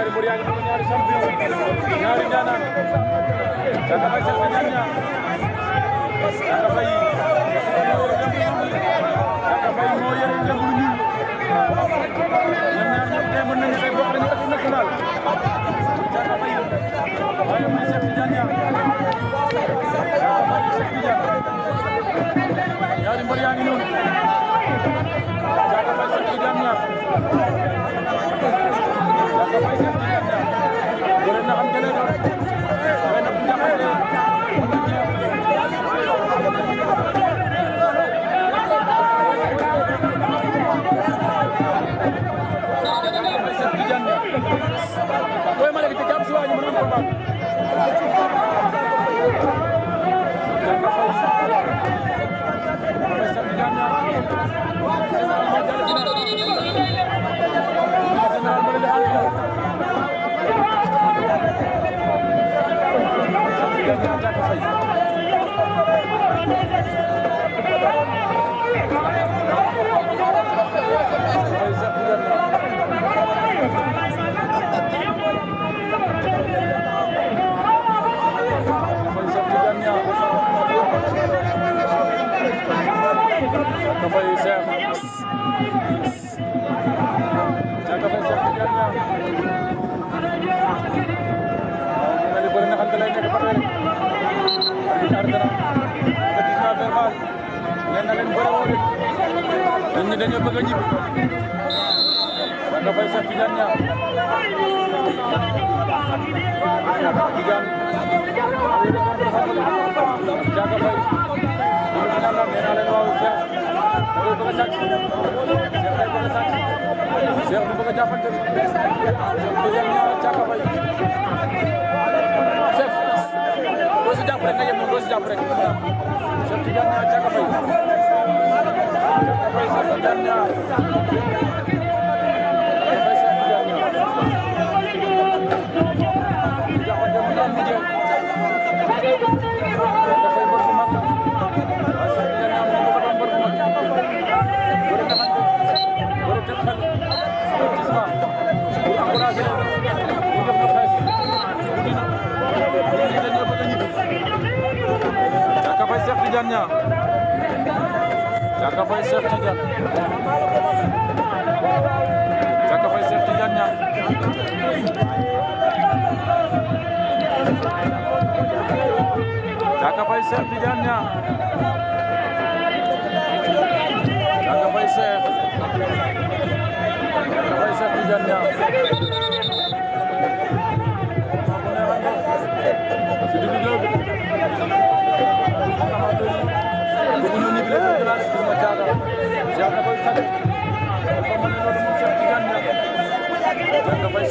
ñaari mbër yaa ngi am ñaari champion ñaari ndaanaan Caaka Faye Cheikh Tidiane Niang Caaka Faye Caaka Faye moo yore ndem lu ñuul ñoom ñaar ñoom tey mën nañu tey bokk nañu ak national Caaka Faye waaye muy Cheikh Tidiane Niang Caaka Faye Cheikh Tidiane ñaari mbër yaa ngi noonu Caaka Faye Cheikh Tidiane Niang Thank you. nee na leen bëre woon nit ñi dañoo bëgg a ñibbi dafay sax Tidiane Niang Tidiane Diaga Faye demi final la nee naa leen waaw Cheikh da koy bëgg a sàcc Cheikh day bëgg a sàcc Cheikh du bëgg a jàppante Tidiane Niang Diaga Faye jàpp rek Cheikh Tidiane Niang Thiaka Faye Thiaka Faye Cheikh Tidiane Niang Thiaka Faye Cheikh Tidiane Niang Cheikh Tidiane Thiaka Faye Cheikh Tidiane ñaar Thiaka Faye Cheikh Tidiane ñaar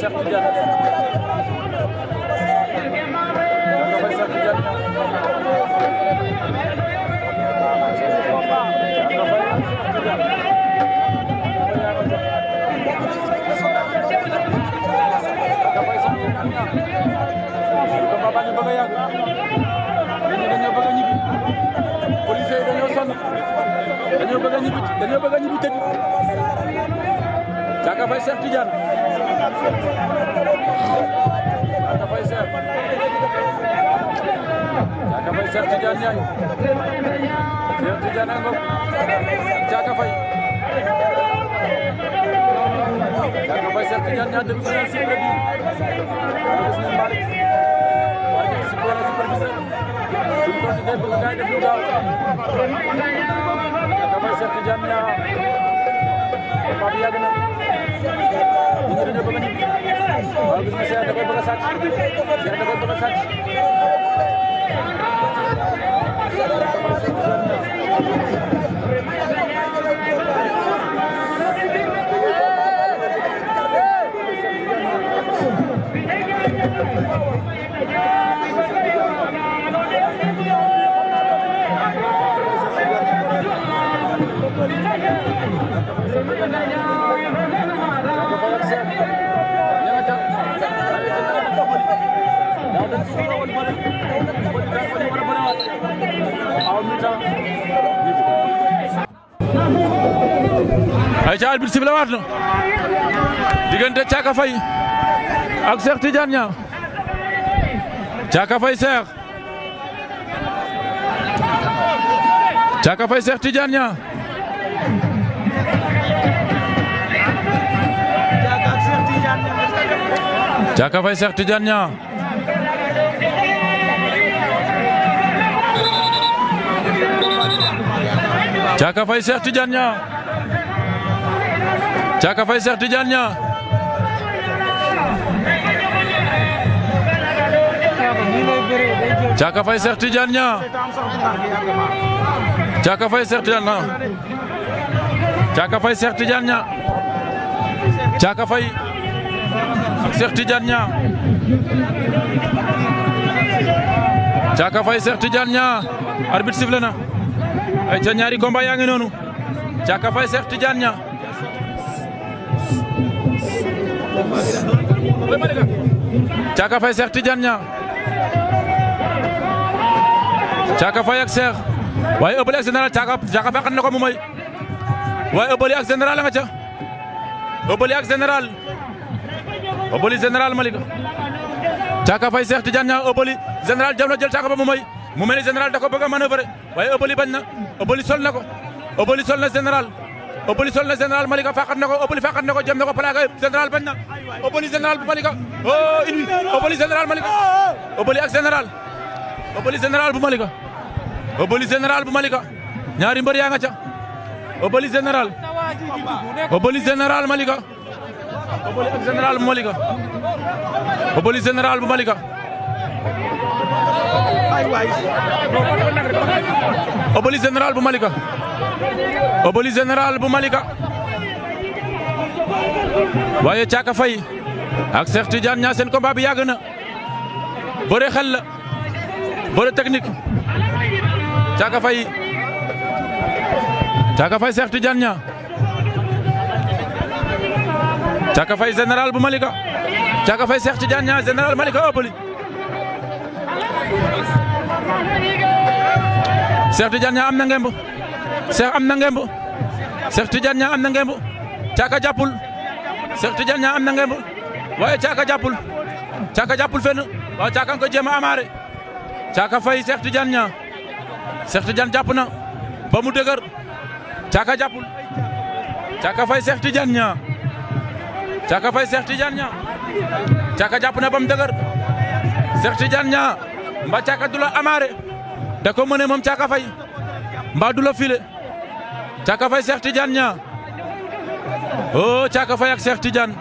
Cheikh Tidiane jël na ko Cheikh Tidiane dañoo bëgg a ñibbi dañoo bëgg a ñibbi tëj Thiaka Faye Cheikh Tidiane Caaka Faye Cheikh Caaka Faye Cheikh Tidiane Niang Cheikh Tidiane Ngom Caaka Faye Caaka Faye Cheikh Tidiane Niang demi-finale si prédit gis nañ Malick Malick si boole superviseur suñu toll nii tey bëgg ngaa def lu gaaw Caaka Faye Cheikh Tidiane Niang Pape yàgg na ñu ngi dina bëgg a ñibbi waaw gis nga Cheikh da koy bëgg a sàcc Cheikh da koy bëgg a sàcc Thank you. ay ca albir sifle waat na diggante Caaka Fay ak Cheikh Tidiane Niang Caaka Fay Cheikh Caaka Fay Caaka Faye Cheikh Tidiane Niang Caaka fay Cheikh Tidiane Niang Caaka Faye Cheikh Tidiane Niang Caaka Faye Cheikh Tidiane Niang Caaka Faye Cheikh Tidiane Niang Caaka Faye Cheikh na ay ca ñaari combat yaa ngi noonu Thiaka Faye Cheikh Tidiane Niang Thiaka Faye Cheikh ak Cheikh waaye Obeuli ak général Thiaka Thiaka Faye xam ko mu may waaye Obeuli ak général a nga ca Obeuli ak général Obeuli général Malika Thiaka Faye Cheikh Tidiane Niang Obeuli général jam na jël Thiaka ba mu may mu mel ni général da ko bëgg a manœuvrer waaye Obeuly bañ na Obeuly sol na ko Obeuly sol na général Obeuly sol na général Malika faaxat na ko Obeuly faaxat na ko jëm na ko plaqué général bañ na Obeuly général bu Malika oh une ak général Obeuly général bu Malika Obeuly général bu Malika ñaari mbër général Obeuly général Malika Obeuly ak général bu Malika Obeuly général bu Malika ay waay bu Malika oboli général bu Malika waaye Caaka Faye ak Cheikh Tidiane Niang seen combat bi yàgg na bëre xel la bëre technique Caaka Faye Caaka Faye Cheikh Tidiane Niang Caaka Faye général bu Malika Caaka Faye Cheikh Tidiane Niang général Malika Obeuly Cheikh Tidiane Niang am na ngemb Cheikh am na ngemb Cheikh Tidiane Niang am na ngemb Caaka jàppul Cheikh Tidiane Niang am na ngemb waaye Caaka jàppul Caaka jàppul fenn waaw Caaka nga ko jéem a amaare Caaka fay Cheikh Tidiane Niang Cheikh Tidiane jàpp na ba mu dëgër Caaka jàppul Caaka fay Cheikh Tidiane Niang Caaka fay Cheikh Tidiane Niang Caaka jàpp na ba mu dëgër Cheikh Tidiane Niang mba caaka du la amaare da ko mëne moom caaka fay mba du la file caaka fay Cheikh Tidiane ñaa oh caaka fay ak Cheikh Tidiane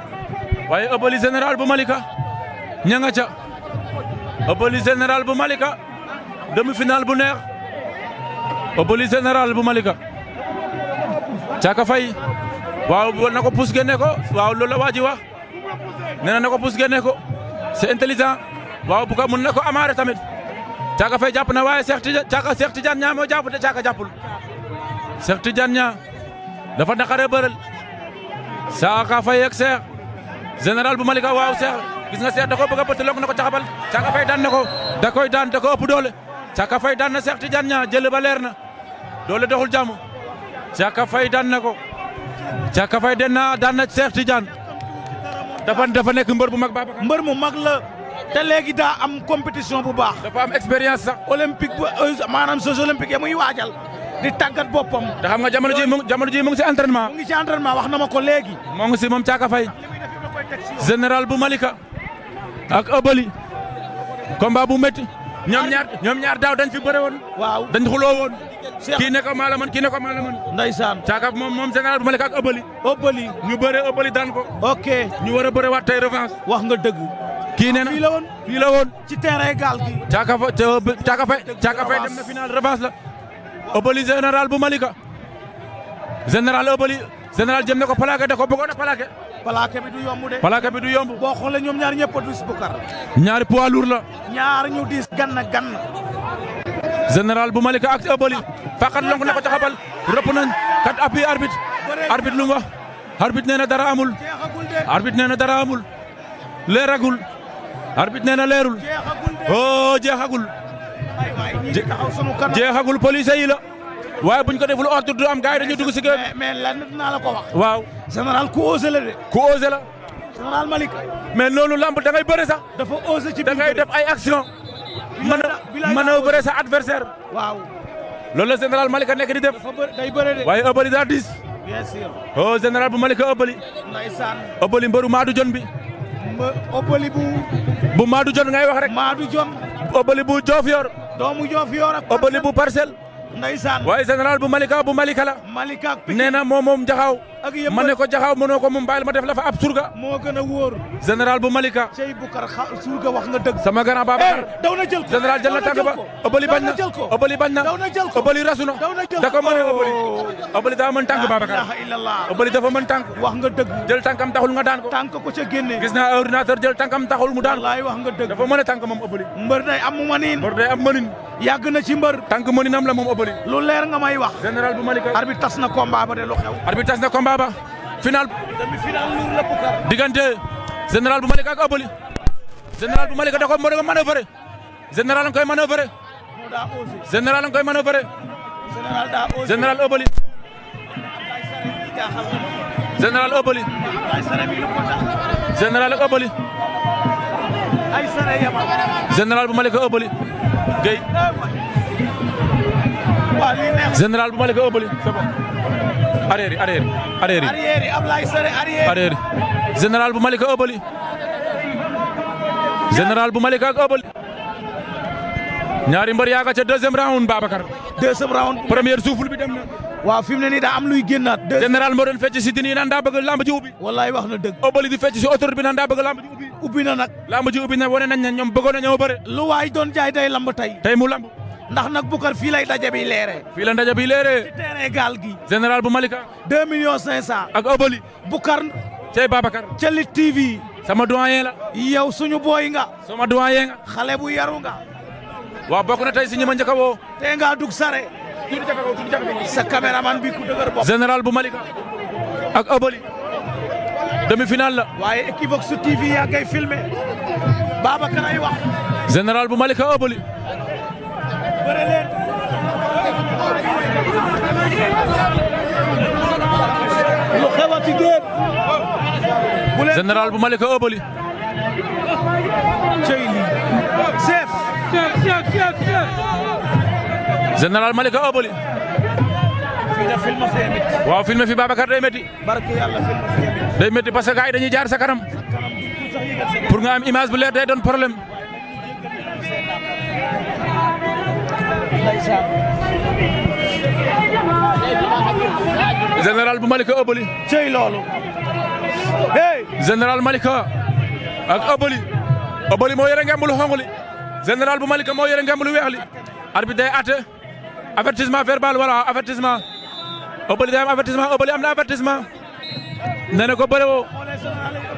waaye Obeuly général bu Malika ña nga ca Obeuly général bu Malika demi-finale bu neex Obeuly général bu Malika caaka fay waaw na ko pousse génne ko waaw loolu la waa ji wax nee na ko pousse génne ko c'est waaw bu ko mun na ko amaare tamit Caaka Faye jàpp na waaye Cheikh Tidiane Caaka Cheikh de Niang moo jàpp te Caaka jàppul Cheikh Tidiane Niang dafa naqaree bërël Caaka Faye ak Cheikh général bu Malika waaw Cheikh gis nga Cheikh da koo bëgg na ko caxabal Caaka Faye dan na ko da koy daan ko ëpp doole Caaka Faye daan na Cheikh Tidiane Niang jël ba na doole doxul jàmm Caaka Faye daan na ko Caaka Faye daan na daan na Cheikh Tidiane dafa dafa nekk mbër bu mag Babacar mbër mu mag la. te léegi daa am compétition bu baax. dafa am expérience sax. olympique bu euh, maanaam jeux olympiques ya muy waajal. di tàggat boppam. te xam nga jamono ji mu jamono ji mu ngi si entraînement. mu ngi si entraînement wax na ma ko léegi. moo ngi si moom Thiaka Faye général bu Malika. ak Obali. combat bu métti. ñoom ñaar ñoom ñaar daaw dañ fi bëre woon. waaw dañ xuloo woon. kii ne ko maa la mën kii ne ko maa la mën. ndeysaan Thiaka moom moom général bu Malika ak Obali. Obali ñu bëre Obali daan ko. ok ñu war a bëre waat tey revanche. wax nga dëgg. kii nee na fii la woon fii la woon. ci terrain gaal gi. Thiaka Faye Thiaka Faye Thiaka Faye dem na final revanche la. Obali général bu Malika. général Obali général jëm na ko plaqué da ko bëggoon a plaqué. plaqué bi du yomb de. plaqué bi du yomb. boo xoolee ñoom ñaar ñëpp a dus bukar ñaari poids lourd la. ñaar ñu diis ganna ganna général bu Malika ak Obali. faqat lonk na ko taxabal rëpp nañ kat appui arbitre. arbitre lu mu wax. arbitre amul. arbitre nee dara amul. leeragul. arbitre nee na leerul oh jeexagul jeexagul police yi la waaye buñ ko deful ordre du am gars yi dañuy dugg si. mais mais ko wax. waaw général ku la de. ku mais loolu lamb da ngay sax. dafa ci da def ay action mën a mën a bëre sa adversaire. waaw. loolu la général Malick a nekk di def. dafa bëri de. waaye ëbbali daa diis. bien sûr. oh bu Malick a ëbbali. ndeysaan. ëbbali mbëru maadu jon bi. Obali bu. bu Maadou Jon ngay wax rek. Maadou Jon. Obali bu Diofior. doomu Diofior ak. Obali bu parcelle. ndeysaan waaye général bu Malika bu Malika la. Malika nee na moom moom Jaxaaw. ak yëpp ma ne ko jaxaw mënoo ko mu bàyyil ma def la fa ab surga. moo gën a wóor. général bu Malika. Sey Bukar surga wax nga dëgg. sama grand Babacar eh, daw na jël ko général na tàgg ba. ëbbali bañ na ëbbali bañ na. daw na jël ko ëbbali rasu na. daw na jël ko da ko a ëbbali. ëbbali wax nga dëgg. jël tànkam taxul nga daan ko. tànk ko ca génne. gis naa ordinateur jël tànkam taxul mu daan ko. wallaay wax nga dëgg. dafa mën a tànk moom ëbbali. mbër day am manin. mbër day am manin. yàgg na ci mbër. tànk maninam la moom ëbbali. lu leer nga may wax. général bu na combat ba combat ba final. demi-finale Ndour la Boucar. diggante général bu Malika ak Obali. général bu Malika da ko mën a manœuvrer. général nga koy manœuvrer. général nga koy manœuvrer. général Obali. général Obali. général ak Obali. général bu Malika arrière yi arrière yi arrière yi. arrière yi Ablaye Sare arrière. arrière général bu Malika Obali. général bu Malika ak ñaari mbër yaa nga ca deuxième round Babacar. deuxième round bi dem na. waaw fi ne nii daa am luy génnaat. deux général moo ubbi. wallaay wax na dëgg. Obali di fecc si autorité bi naan daa bëgg ubbi. na nag. lamb ubbi na wane nañ ne ñoom bëggoon na ñoo bëre. lu waay doon jaay day lamb tey. tey mu lamb. ndax nag Boucar fii lay ndaje bi leeree. fiila ndaje bi leeree. ci gaal gi. général bu Malika. 2 millions 500. ak Obali. Boucar. Cey Babacar. ca Lutte TV. sama doyen la. yow suñu booy nga. sama bu yaru nga. waaw bokk na tey si ñi ma njëkk a woo. tey ngaa dugg sare. tuuti jaka ko bi ku dëgër bopp. général bu Malika. ak Obali. demi-finale la. waaye Equivox TV yaa ngay filmé. Babacar ay wax. général bu Malika Obali. lu xewa ci géej. général bu Malika Obali. cey lii. chef. général Malika Obali. waaw filmé fi Babacar day métti. day métti parce que gars yi dañuy jaar sa kanam. pour nga am image bu leer day doon problème. général bu Malika Obali. cey loolu. hey. général Malika ak Obali. Obali moo yore ngemb lu xonq bu Malika moo yore ngemb lu weex li. arbitre day àtte avertissement verbal wala avertissement. am avertissement Obali am na avertissement. nee na ko bëre woo.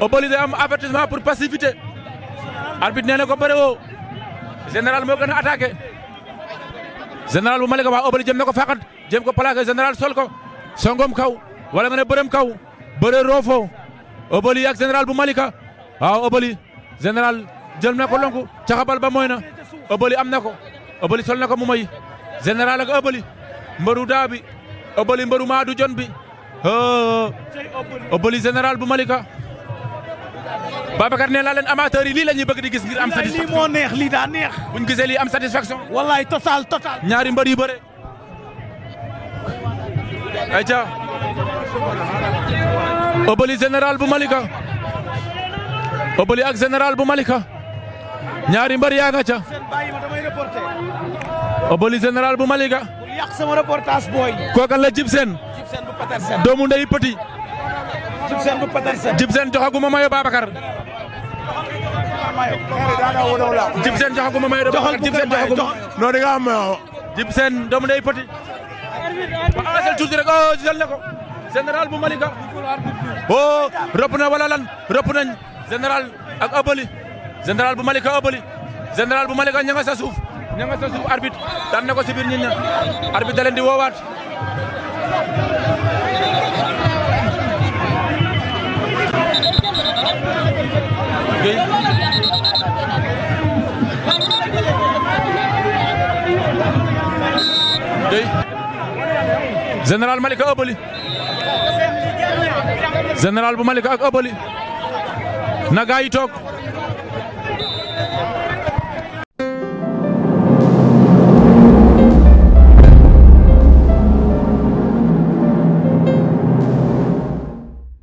Obali day am avertissement pour passivité. arbitre nee na woo. général moo gën a général bu Malika waa Obali jëm na ko faqat jëm ko plaqué général sol ko songom kaw wala nga bërëm kaw bëre roofo Obali ak général bu Malika waaw Obali général jël na ko lonku caxabal ba mooy na am na ko Obali sol na ko mu may général ak Obali mbaru daa bi Obali mbaru maadu jon bi Obali général bu Malika. Babacar nee naa leen yi lii la ñuy bëgg di gis ngir am. satisfaction lii moo neex lii daa neex. bu ñu gisee lii am satisfaction. wallaay total total. ñaari mbër yu bëre. ayca. Obali général bu Malika. Obali ak général bu Malika. ñaari mbër yaa nga bu Malika. yàq sama la Jib Sène. doomu ndey Petit. Jibsen bu Petersen. Jibsen joxaguma mayo Babacar. Jibsen joxaguma mayo de Babacar Jibsen joxaguma. non da ngaa am mayo. Jibsen doomu day petit. asel tuuti rek oh jël na ko. général bu Malika. oh rëpp na wala lan rëpp nañ général ak Obali. général bu Malika Obali. général bu Malika ña nga sa suuf. ña nga sa suuf arbitre daan na ko si biir nit ña arbitre da leen di woowaat. général Malika Obali général bu Malika ak Obali na gaa yi toog